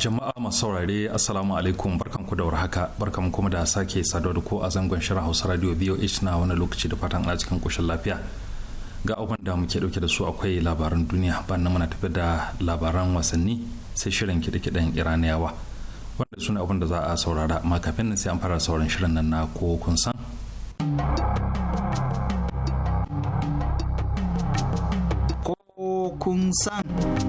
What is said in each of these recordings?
jama'a masu saurare assalamu alaikum barkan ku da warhaka barkan kuma da sake saduwa da ku a zangon shirin hausa radio voh na wani lokaci da fatan ana cikin koshin lafiya ga abin da muke dauke da su akwai labaran duniya bayan muna tafi da labaran wasanni sai shirin kiɗe-kiɗen iraniyawa wanda su ne abin da za a saurara ma kafin nan sai an fara sauran shirin nan na ko kun san ko kun san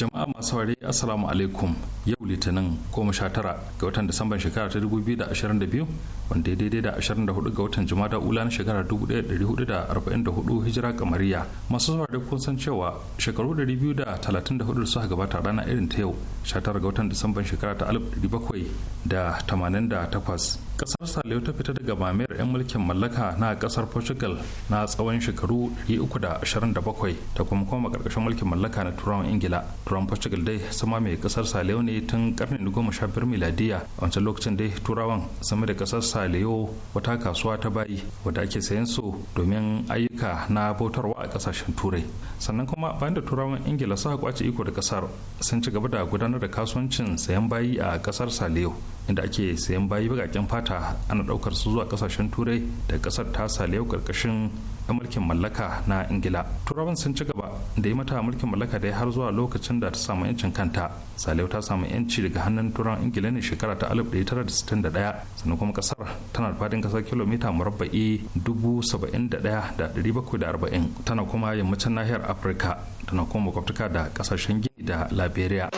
jama'a masu saurari assalamu alaikum yau litinin goma sha tara ga watan disamban shekara ta dubu biyu da ashirin da biyu wanda ya daidai da ashirin da hudu ga watan jumada ula na shekara dubu ɗaya dari hudu da arba'in da hudu hijira kamariya masu saurari kun san cewa shekaru dari biyu da talatin da hudu da suka gabata rana irin ta yau sha tara ga watan disamban shekara ta alif dari bakwai da tamanin da takwas kasar saliyo ta fita daga mamayar 'yan mulkin mallaka na kasar portugal na tsawon shekaru 327 ta kuma koma karkashin mulkin mallaka na turawan ingila turawan portugal dai sama mai kasar saliyo ne tun karni biyar miladiya a wancan lokacin dai turawan sama da kasar saliyo wata kasuwa ta bayi wadda ake sayan su domin ayyuka na bautarwa a kasashen turai sannan kuma bayan da turawan ingila suka kwace iko da kasar sun ci gaba da gudanar da kasuwancin sayan bayi a kasar saliyo. inda ake sayan bayi bagaken fata ana daukar su zuwa kasashen turai da kasar ta saliyau karkashin mulkin mallaka na ingila turawan sun ci gaba da yi mata mulkin mallaka da ya har zuwa lokacin da ta samu yancin kanta saliyau ta samu yanci daga hannun turawan ingila ne shekara ta 1961 sannan kuma kasar tana da fadin kasar kilomita murabba'i 71,740 tana kuma yammacin nahiyar afirka tana kuma makwabtaka da kasashen gini da liberia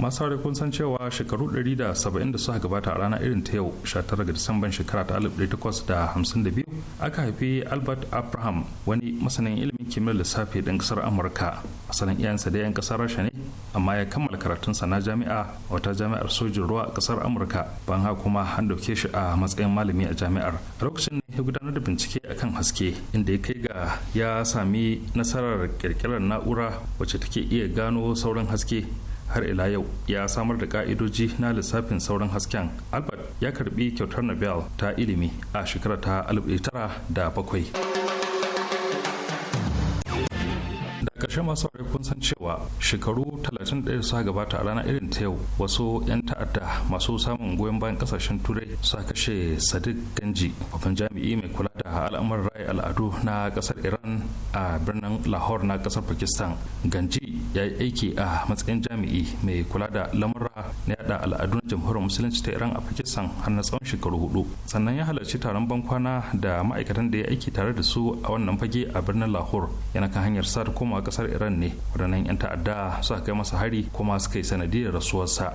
masu kun san cewa shekaru 170 da suka gabata a rana irin ta yau 19 ga disamban shekara ta 1852 aka haifi albert abraham wani masanin ilimin kimiyyar lissafi ɗan kasar amurka asalin iyansa da 'yan ƙasar rasha ne amma ya kammala karatunsa na jami'a wata jami'ar sojin ruwa a ƙasar amurka ban ha kuma an dauke shi a matsayin malami a jami'ar lokacin ne ya gudanar da bincike a kan haske inda ya kai ga ya sami nasarar kirkirar na'ura wacce take iya gano sauran haske har ila yau ya samar da ka'idoji na lissafin sauran hasken albert ya karbi kyautar nobel ta ilimi a shekara ta 1907 da ƙarshe masu kun san cewa shekaru 31 suka gabata a ranar irin ta yau wasu 'yan ta'adda masu samun goyon bayan kasashen turai suka kashe sadiq ganji babban jami'i mai kula da al'amuran raya al'adu na kasar iran a birnin lahore na kasar pakistan ganji ya yi aiki a matsayin jami'i mai kula da lamura na yada al'adun jamhuriyar musulunci ta iran a pakistan har na tsawon shekaru hudu sannan ya halarci taron bankwana da ma'aikatan da ya aiki tare da su a wannan fage a birnin lahore yana kan hanyar sa da komawa kasar iran ne waɗannan 'yan ta'adda suka kai masa hari kuma suka yi sanadiyar rasuwarsa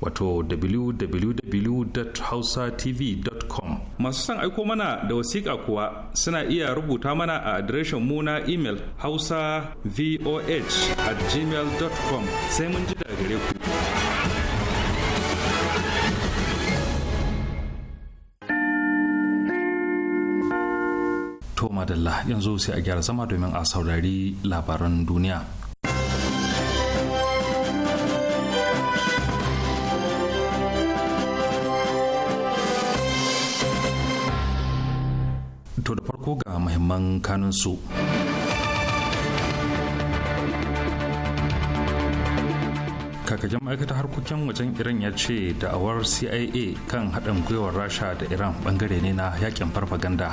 wato www.hausatv.com masu son aiko mana da wasiƙa kuwa suna iya rubuta mana a adireshin mu na imel hausa voh at gmail.com sai mun ji da gare ku to madalla yanzu sai a gyara zama domin a saurari labaran duniya to da farko ga muhimman kanunsu. kakakin ma'aikatar harkokin wajen iran ya ce da'awar cia kan haɗin gwiwar rasha da iran bangare ne na yakin farfaganda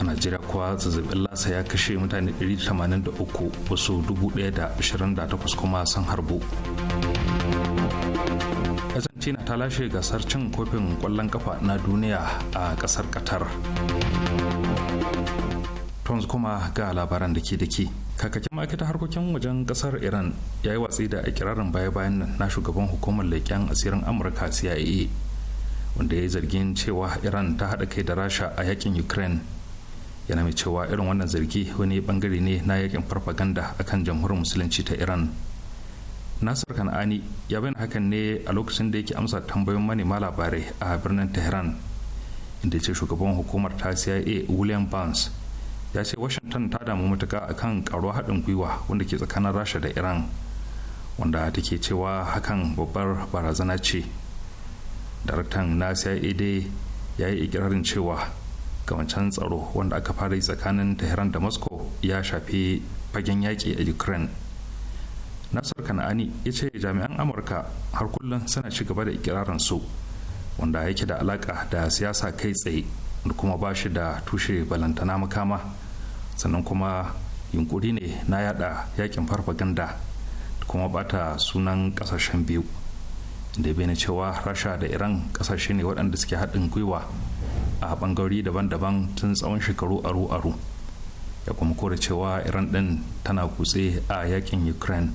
a najeriya kuwa zazzabin lasa ya kashe mutane 183 wasu 1,028 kuma sun harbu argentina ta lashe gasar cin kofin kwallon kafa na duniya a kasar qatar tons kuma ga labaran da ke da ke kakakin ma'aikatar harkokin wajen kasar iran ya yi watsi da ikirarin baya-bayan nan na shugaban hukumar leƙen asirin amurka cia wanda ya yi zargin cewa iran ta haɗa kai da rasha a yakin ukraine yana mai cewa irin wannan zargi wani bangare ne na yakin farfaganda akan jamhuriyar musulunci ta iran nasir kan'ani ya bayyana hakan ne a lokacin da yake amsa tambayoyin manema labarai a birnin tehran inda ce shugaban hukumar ta cia william barnes ya ce washington ta damu matuka akan karuwa haɗin gwiwa wanda ke tsakanin rasha da iran wanda take cewa hakan babbar barazana ce daraktan na cia dai ya yi ikirarin cewa gamancen tsaro wanda aka fara yi tsakanin tehran da moscow ya shafi fagen yaƙi a ukraine nasar kana'ani ya ce jami'an amurka har kullum suna ci gaba da ikirarin su wanda yake da alaka da siyasa kai tsaye da kuma ba shi da tushe balantana makama sannan kuma yunkuri ne na yada yakin farfaganda da kuma bata sunan kasashen biyu da bai cewa rasha da iran kasashe ne waɗanda suke haɗin gwiwa a ɓangarori daban-daban tun tsawon shekaru aru-aru ya kuma kore cewa iran ɗin tana kutse a yakin ukraine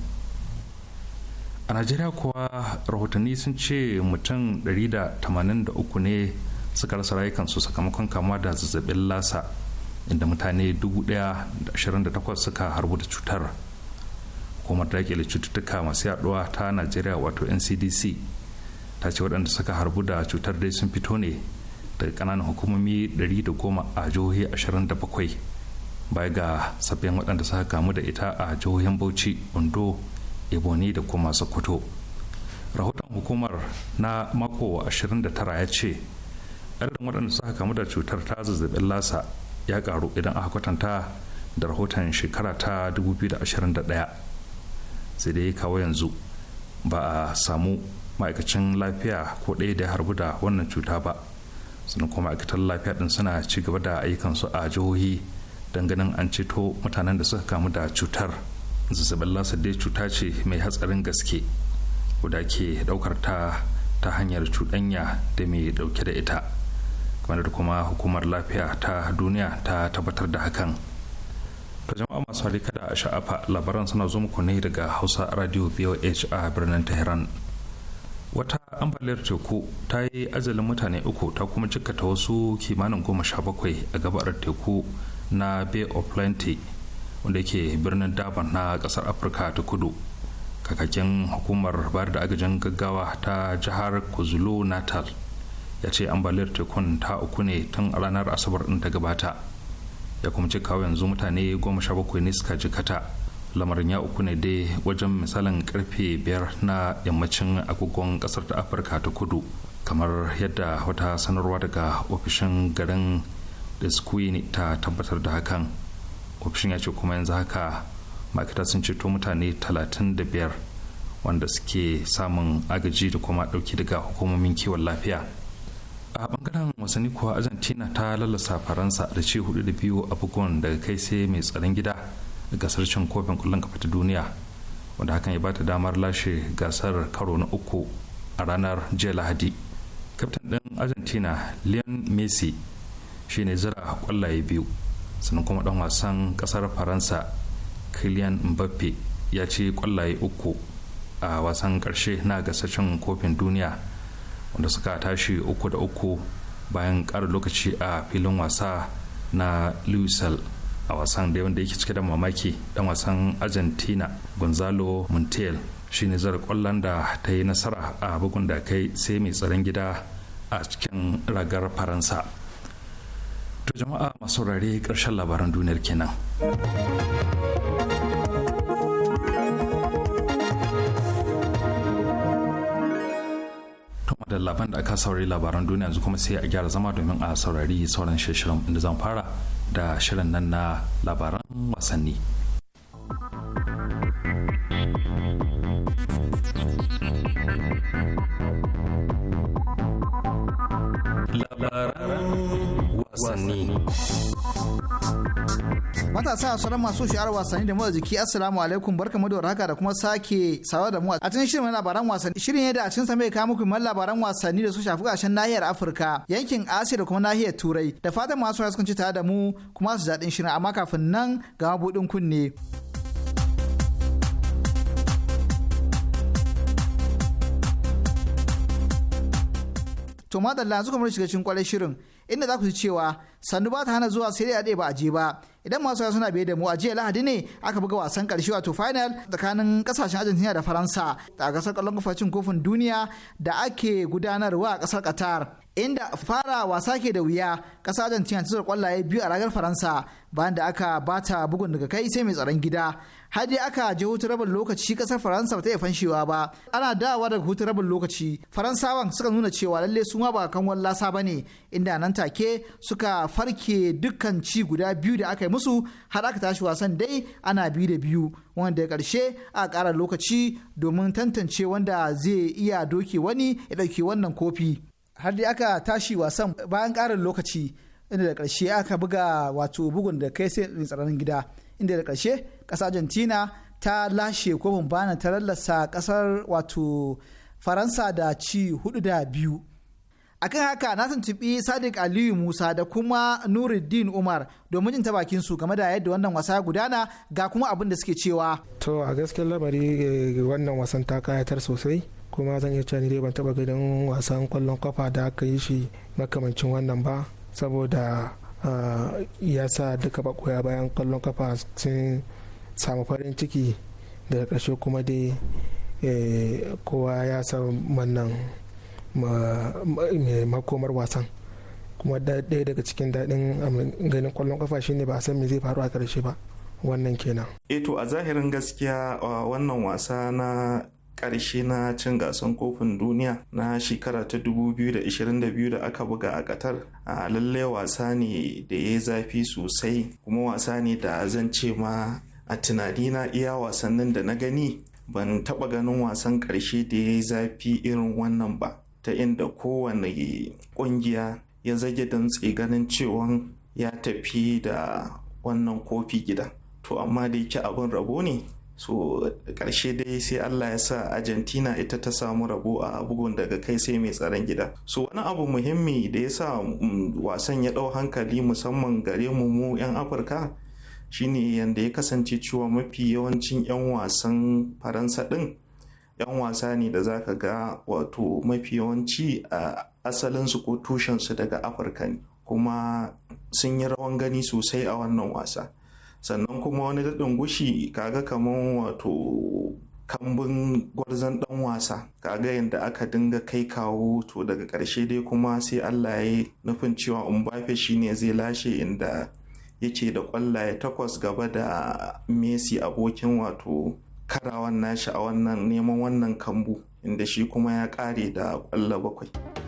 a najeriya kuwa rahotanni sun ce mutum 183 ne suka rasa rayukansu sakamakon kama da zazzabin lasa inda mutane 1,028 suka harbu da cutar hukumar dakile cututtuka masu yaduwa ta najeriya wato ncdc ta ce waɗanda suka harbu da cutar dai sun fito ne daga ƙananan hukumomi 110 a jihohi 27 baya ga sabbin waɗanda suka kamu da ita a jihohin bauchi ondo ebony da kuma sokoto rahoton hukumar na mako 29 ya ce adadin waɗanda suka kamu da cutar ta zazzabin lasa ya karu idan aka kwatanta da rahoton shekara ta 2021 sai dai kawo yanzu ba a samu ma'aikacin lafiya ko ɗaya da ya harbu da wannan cuta ba sannan kuma ma'aikatan lafiya ɗin suna ci gaba da ayyukansu a jihohi don ganin an ceto mutanen da suka kamu da cutar. zazzabin lasa dai cuta ce mai hatsarin gaske guda ke daukar ta ta hanyar cuɗanya da mai dauke da ita kamar kuma hukumar lafiya ta duniya ta tabbatar da hakan ta jama'a masu harika da a sha'afa labaran suna zo muku ne daga hausa radio voh a birnin tehran wata ambaliyar teku ta yi ajalin mutane uku ta kuma jikkata wasu kimanin goma sha bakwai a gabar teku na bay of plenty wanda ke birnin daban na kasar afirka ta kudu kakakin hukumar bayar da agajin gaggawa ta jihar kuzulu natal ya ce ambaliyar tekun ta uku ne tun ranar asabar ɗin ta gabata ya kuma ce kawo yanzu mutane goma sha bakwai ne suka jikata lamarin ya uku ne dai wajen misalin karfe biyar na yammacin agogon kasar ta afirka ta kudu kamar yadda wata sanarwa daga ofishin garin da ta tabbatar da hakan ofishin ya ce kuma yanzu haka makita sun ceto mutane 35 wanda suke samun agaji da kuma dauki daga hukumomin kiwon lafiya a bangaren wasanni kuwa argentina ta lalasa faransa da ce hudu da biyu a bugun daga kai sai mai tsaron gida da gasar cin kofin kullum kafa ta duniya wanda hakan ya ba ta damar lashe gasar karo na uku a ranar jiya lahadi kaftan ɗan argentina leon messi shine zira kwallaye biyu sannan kuma dan wasan kasar faransa kylian mbappe ya ci kwallaye uku a wasan karshe na gasashen kofin duniya wanda suka tashi uku da uku bayan kara lokaci a filin wasa na lusal a wasan da wanda yake cike da mamaki dan wasan argentina gonzalo montiel ne zara kwallon da ta yi nasara a bugun da kai sai mai tsaron gida a cikin ragar faransa To jama'a masu saurare ƙarshen labaran duniyar kenan. Tuma da labaran da aka saurari labaran duniya yanzu kuma sai a gyara zama domin a saurari sauran shirin inda zan fara da shirin nan na labaran wasanni. matasa sauran masu shi'ar wasanni da motsa jiki assalamu alaikum mu da warhaka da kuma sake sawa da mu a cikin shirin labaran wasanni shirin yadda a cikin sa mai kawo muku man labaran wasanni da su shafi kashin nahiyar Afirka yankin Asiya da kuma nahiyar Turai da fatan masu sun ci tare da mu kuma su daɗin shirin amma kafin nan ga mabudin kunne. To madalla yanzu kamar shiga cikin kwarai shirin inda za ku ji cewa sannu ba ta hana zuwa sai dai ba a je ba idan masu suna biye da mu a jiya lahadi ne aka buga wasan karshe wato final tsakanin kasashen argentina da faransa da gasar kallon kofin duniya da ake gudanarwa a kasar qatar inda fara wasa ke da wuya ƙasa argentina ta kwallaye biyu a ragar faransa bayan da aka bata bugun daga kai sai mai tsaron gida har dai aka je hutun rabin lokaci kasar faransa ba ta iya fanshewa ba ana dawowa daga hutun rabin lokaci faransawan suka nuna cewa lalle su ma ba kan wallasa ba ne inda nan take suka farke dukkan ci guda biyu da aka yi musu har aka tashi wasan dai ana biyu da biyu wanda ya karshe a kara lokaci domin tantance wanda zai iya doke wani ya dauke wannan kofi har dai aka tashi wasan bayan ƙarin lokaci inda da ƙarshe aka buga wato bugun da kai sai mai tsaron gida inda da karshe ƙasa argentina ta lashe kofin bana ta lallasa ƙasar wato faransa da ci hudu da biyu akan haka na tuntuɓi sadiq aliyu musa da kuma nuruddin umar domin jin ta bakin su game da yadda wannan wasa gudana ga kuma abin da suke cewa to a gaskiyar labari eh, wannan wasan ta kayatar sosai kuma zan iya cewa ni dai ban taba ganin wasan kwallon kwafa da aka yi shi makamancin wannan ba saboda ah, ya sa duka bakoya bayan kwallon kafa sun samu farin ciki daga ƙarshe kuma dai eh, kowa ya san wannan makomar wasan kuma ɗaya daga cikin daɗin ganin kwallon kafa shine ba a san me zai faru a ƙarshe ba wannan kenan. eto eh a zahirin gaskiya ah, wannan wasa na ƙarshe na cin gasar kofin duniya na shekara ta 2022 da aka buga a Qatar a lalle wasa ne da ya zafi sosai kuma wasa ne da zan ce ma a tunani na iya wasannin da na gani ban taɓa ganin wasan ƙarshe da ya zafi irin wannan ba ta inda kowane ƙungiya ya zage dantse ganin cewa ya tafi da wannan kofi gida to amma da yake abin rabo ne so karshe dai sai allah ya sa argentina ita ta samu rabo a bugun daga kai sai mai tsaron gida so wani abu muhimmi da ya sa mm, wasan ya ɗau hankali musamman gare mu mu 'yan afirka shine yanda ya kasance cewa mafi yawancin 'yan wasan faransa ɗin 'yan wasa ne da zaka ga wato mafi yawanci a asalinsu ko tushensu daga afirka ne kuma sun yi rawan gani sosai a wannan wasa sannan kuma wani daɗin gushi kaga kamar wato kambun gwarzon ɗan wasa kaga yadda aka dinga kai kawo to daga ƙarshe dai kuma sai allah ya nufin cewa umbafe shine zai lashe inda yake da ƙwallaye takwas gaba da messi abokin wato karawan nashi a wannan neman wannan kambu inda shi kuma ya ƙare da ƙwallo bakwai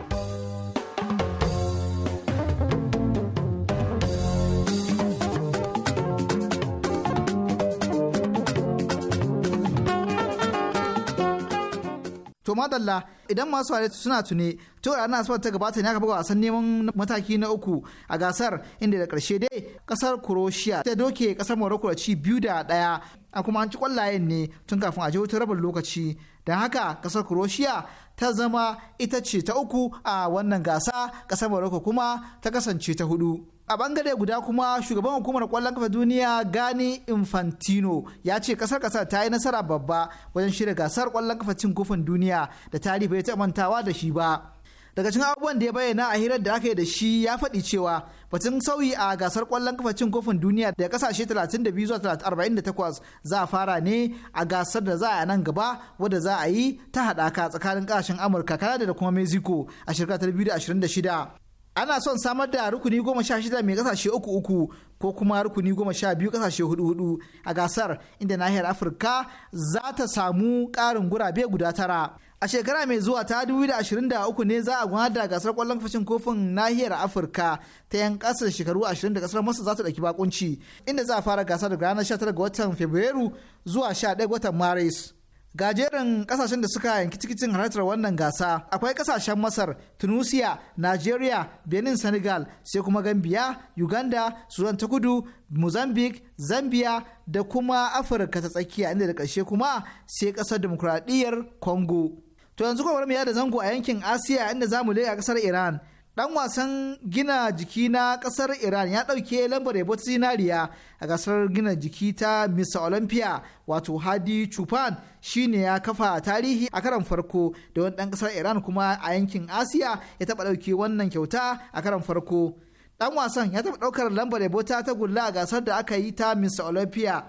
to madalla idan masu ware suna tune to ranar asabar ta gabata ne aka buga wasan neman mataki na uku a gasar inda da karshe dai kasar croatia ta doke kasar morocco da ci biyu da daya a kuma an ci kwallayen ne tun kafin a je wutar rabin lokaci don haka kasar croatia ta zama ita ce ta uku a wannan gasa kasar morocco kuma ta kasance ta hudu a bangare guda kuma shugaban hukumar kwallon kafa duniya gani infantino ya ce kasar kasar ta yi nasara babba wajen shirya gasar kwallon kafa cin kofin duniya da tarihi bai taɓa mantawa da shi ba daga cikin abubuwan da ya bayyana a hirar da aka yi da shi ya faɗi cewa batun sauyi a gasar kwallon kafa cin kofin duniya da kasashe 32 zuwa 48 za a fara ne a gasar da za a nan gaba wadda za a yi ta haɗaka tsakanin ƙasashen amurka kanada da kuma mexico a shekara 2026 ana son samar da rukuni goma sha shida mai kasashe uku uku ko kuma rukuni goma sha biyu kasashe hudu hudu a gasar inda nahiyar afirka za ta samu karin gurabe guda tara a shekara mai zuwa ta 2023 ne za a gudanar da gasar kwallon fashin kofin nahiyar afirka ta yan da shekaru 20 da kasar masa za ta dauki bakunci inda za a fara gasar da ranar 19 ga watan fabrairu zuwa 11 watan maris Gajeren kasashen da suka yanki tikitin halartar wannan gasa akwai kasashen Masar, Tunisia, Nigeria, Benin, Senegal, sai kuma Gambia, Uganda, Sudan ta Kudu, Mozambique, Zambia da kuma Afirka ta tsakiya inda da ƙarshe kuma sai ƙasar demokuraɗiyyar Congo. To yanzu kuma ya mu yada zango a yankin Asiya inda zamu leƙa ƙasar Iran. dan wasan gina jiki na kasar iran ya dauke lambar yabo ta zinariya a gasar gina jiki ta miss olympia wato hadi chupan shine ya kafa tarihi a karan farko da wani dan kasar iran kuma a yankin asiya ya taba dauke wannan kyauta a karan farko dan wasan ya taba daukar lambar yabo ta gulla a gasar da aka yi ta miss olympia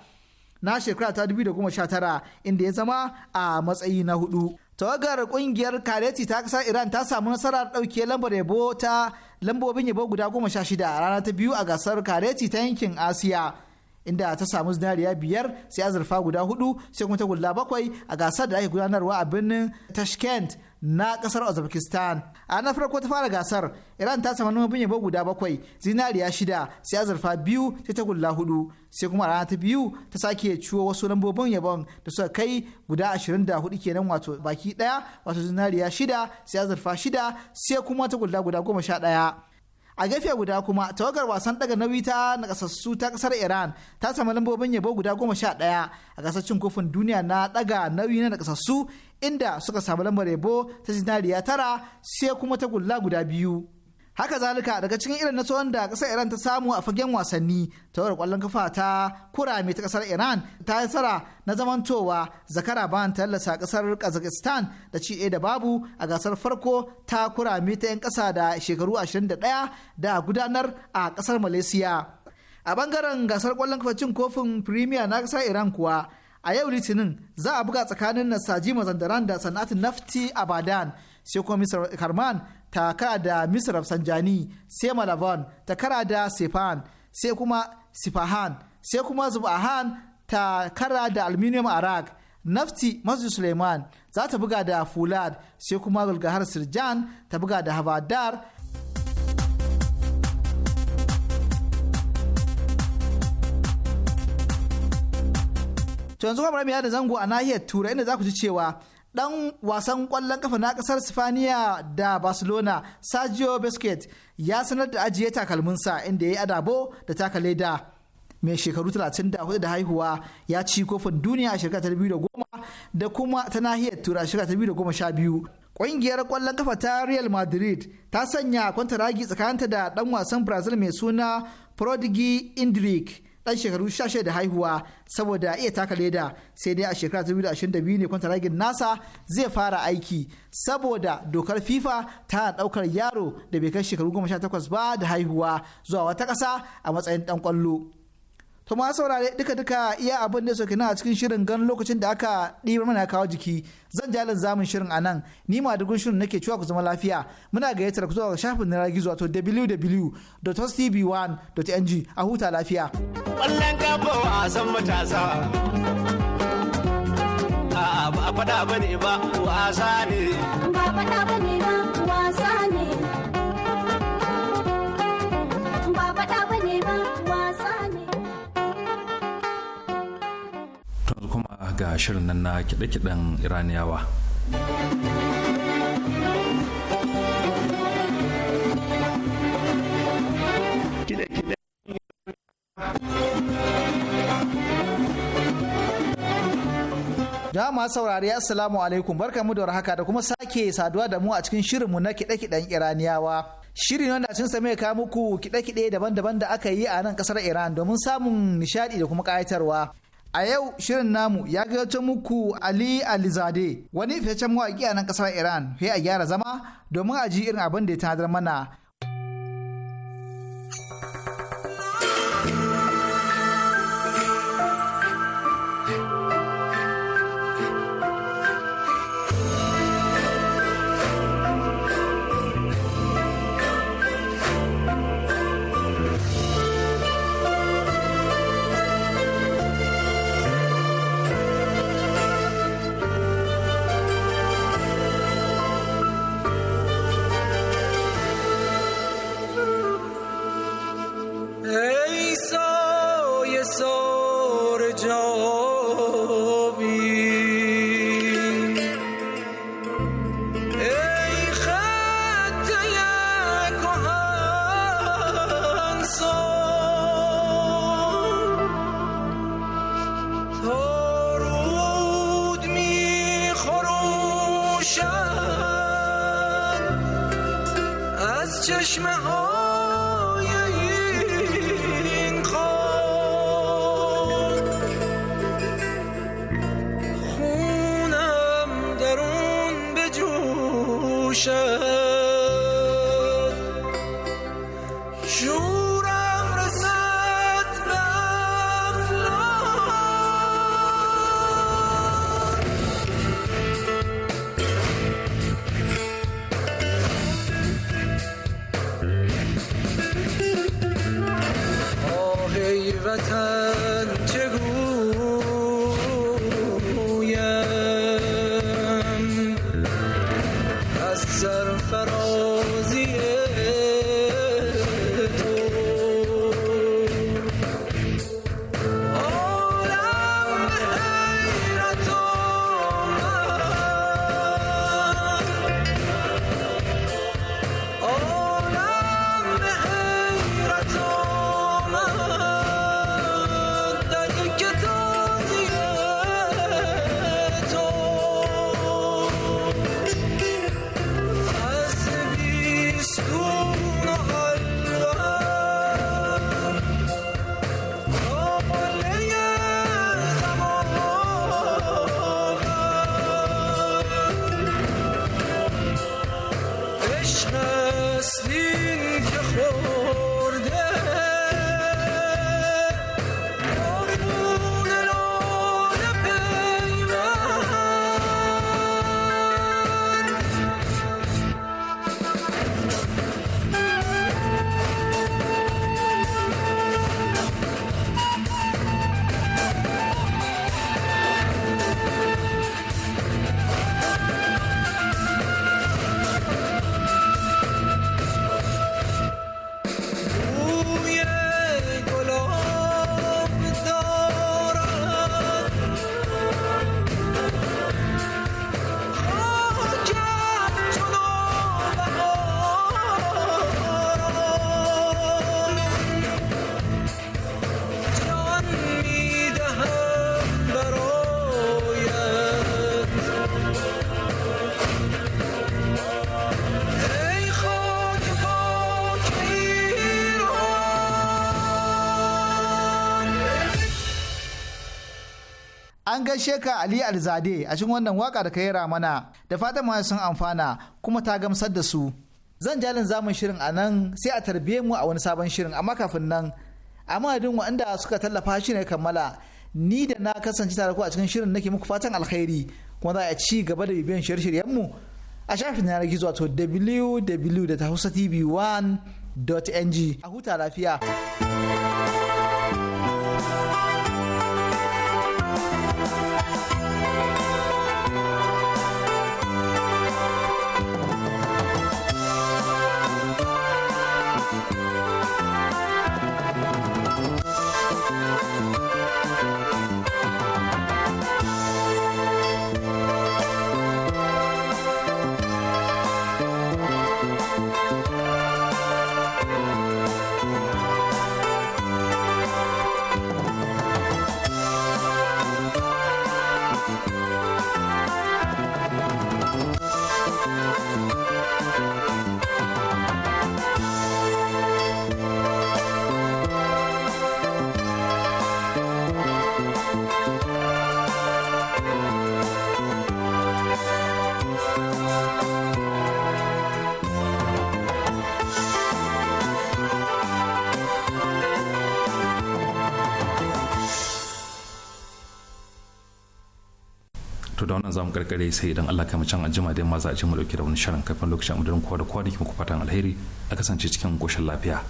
na shekara ta 2019 inda ya zama a matsayi na hudu tawagar kungiyar kareti ta kasar iran ta samu nasarar dauke lambar yabo ta lambobin yabo guda goma sha shida rana ta biyu a gasar kareti ta yankin asiya inda ta samu zinariya biyar sai azurfa guda hudu sai kuma ta gulla bakwai a gasar da ake gudanarwa a birnin tashkent na kasar uzbekistan a na farko ta fara gasar iran ta samu nufin yabo guda bakwai zinariya shida sai azurfa biyu sai ta gulla hudu sai kuma rana ta biyu ta sake ciwo wasu lambobin yabon da suka kai guda ashirin da hudu kenan wato baki daya wato zinariya shida sai azurfa shida sai kuma ta gulla guda goma sha daya a gefe guda kuma tawagar wasan daga nauyi ta kasassu ta kasar iran ta samu lambobin yabo guda goma sha daya a gasar cin kofin duniya na daga nauyi na kasassu inda suka samu lambar yabo ta zinariya tara sai kuma ta gulla guda biyu. Haka zalika daga cikin irin nasarar da kasar Iran ta samu a fagen wasanni tawar kwallon kafa ta kurame ta kasar Iran ta yi tsara na zamantowa zakara ban tallasa kasar Kazakhstan da ci da babu a gasar farko ta kurame ta 'yan ƙasa da shekaru 21 da gudanar a kasar Malaysia. A bangaren gasar kwallon kafa cin kofin Premier na kasar Iran kuwa a yau litinin za a buga tsakanin nasaji mazandaran da sana'atin nafti abadan sai kuma misar karman ta kara da misar sanjani sai malaban ta kara da sefan sai kuma sifahan sai kuma zubahan ta kara da aluminium arak nafti masu suleiman za ta buga da fulad sai kuma gulgahar sirjan ta buga da habadar To yanzu kamar ya da zango a nahiyar Turai inda za ku ji cewa dan wasan kwallon kafa na kasar Sifaniya da Barcelona Sergio Busquets ya sanar da ajiye takalminsa inda ya yi adabo da taka da Mai shekaru 34 da haihuwa ya ci kofin duniya a shekara ta 2010 da kuma ta nahiyar Turai a shekara ta 2012. Ƙungiyar kwallon kafa ta Real Madrid ta sanya kwanta kwantaragi tsakaninta da ɗan wasan Brazil mai suna Prodigy Indrik dan shekaru 16 da haihuwa saboda iya taka leda sai dai a shekara 2022 ne kwanta ragin nasa zai fara aiki saboda dokar fifa tana daukar yaro da bai kai shekaru 18 ba da haihuwa zuwa wata kasa a matsayin dan kwallo to ma saurare duka duka iya abin da soke na a cikin shirin gan lokacin da aka ɗiba mana kawo jiki zan jalin zamun shirin a nan ni ma dugun shirin nake cewa ku zama lafiya muna gayyatar ku zuwa ga shafin na gizo wato www.tv1.ng a huta lafiya. Wallan kafa san matasa a fada bane ba wasa ne. Ba fada bane ga shirin nan na kiɗe-kiɗen iraniyawa saurari assalamu alaikum mu da warhaka da kuma sake saduwa da mu a cikin shirin mu na kiɗe-kiɗen Iraniyawa. Shirin wanda cin sa mai ka muku kiɗe-kiɗe daban-daban da aka yi a nan ƙasar Iran domin samun nishaɗi da kuma ƙayatarwa. A yau shirin namu ya gayyato muku Ali Alizade wani fitaccen mawaƙi a nan ƙasar Iran sai a gyara zama domin a ji irin abin da ya tanadar mana Krishna از سر فراز an gaishe ka Ali Alzade a cikin wannan waka da ka yi mana da fatan ma sun amfana kuma ta gamsar da su. Zan jalin zamun shirin a nan sai a tarbiye mu a wani sabon shirin amma kafin nan a madadin waɗanda suka tallafa shi ne kammala ni da na kasance tare ku a cikin shirin nake muku fatan alkhairi kuma za a ci gaba da bibiyan shirye-shiryen mu a shafin yanar gizo wato www.hausatv1.ng a huta lafiya. za mu karkare sai idan Allah kai mu can anjima dai ma za a ji mu dauke da wani shirin kafin lokacin mu kowa da kowa da ke muku fatan alheri a kasance cikin goshin lafiya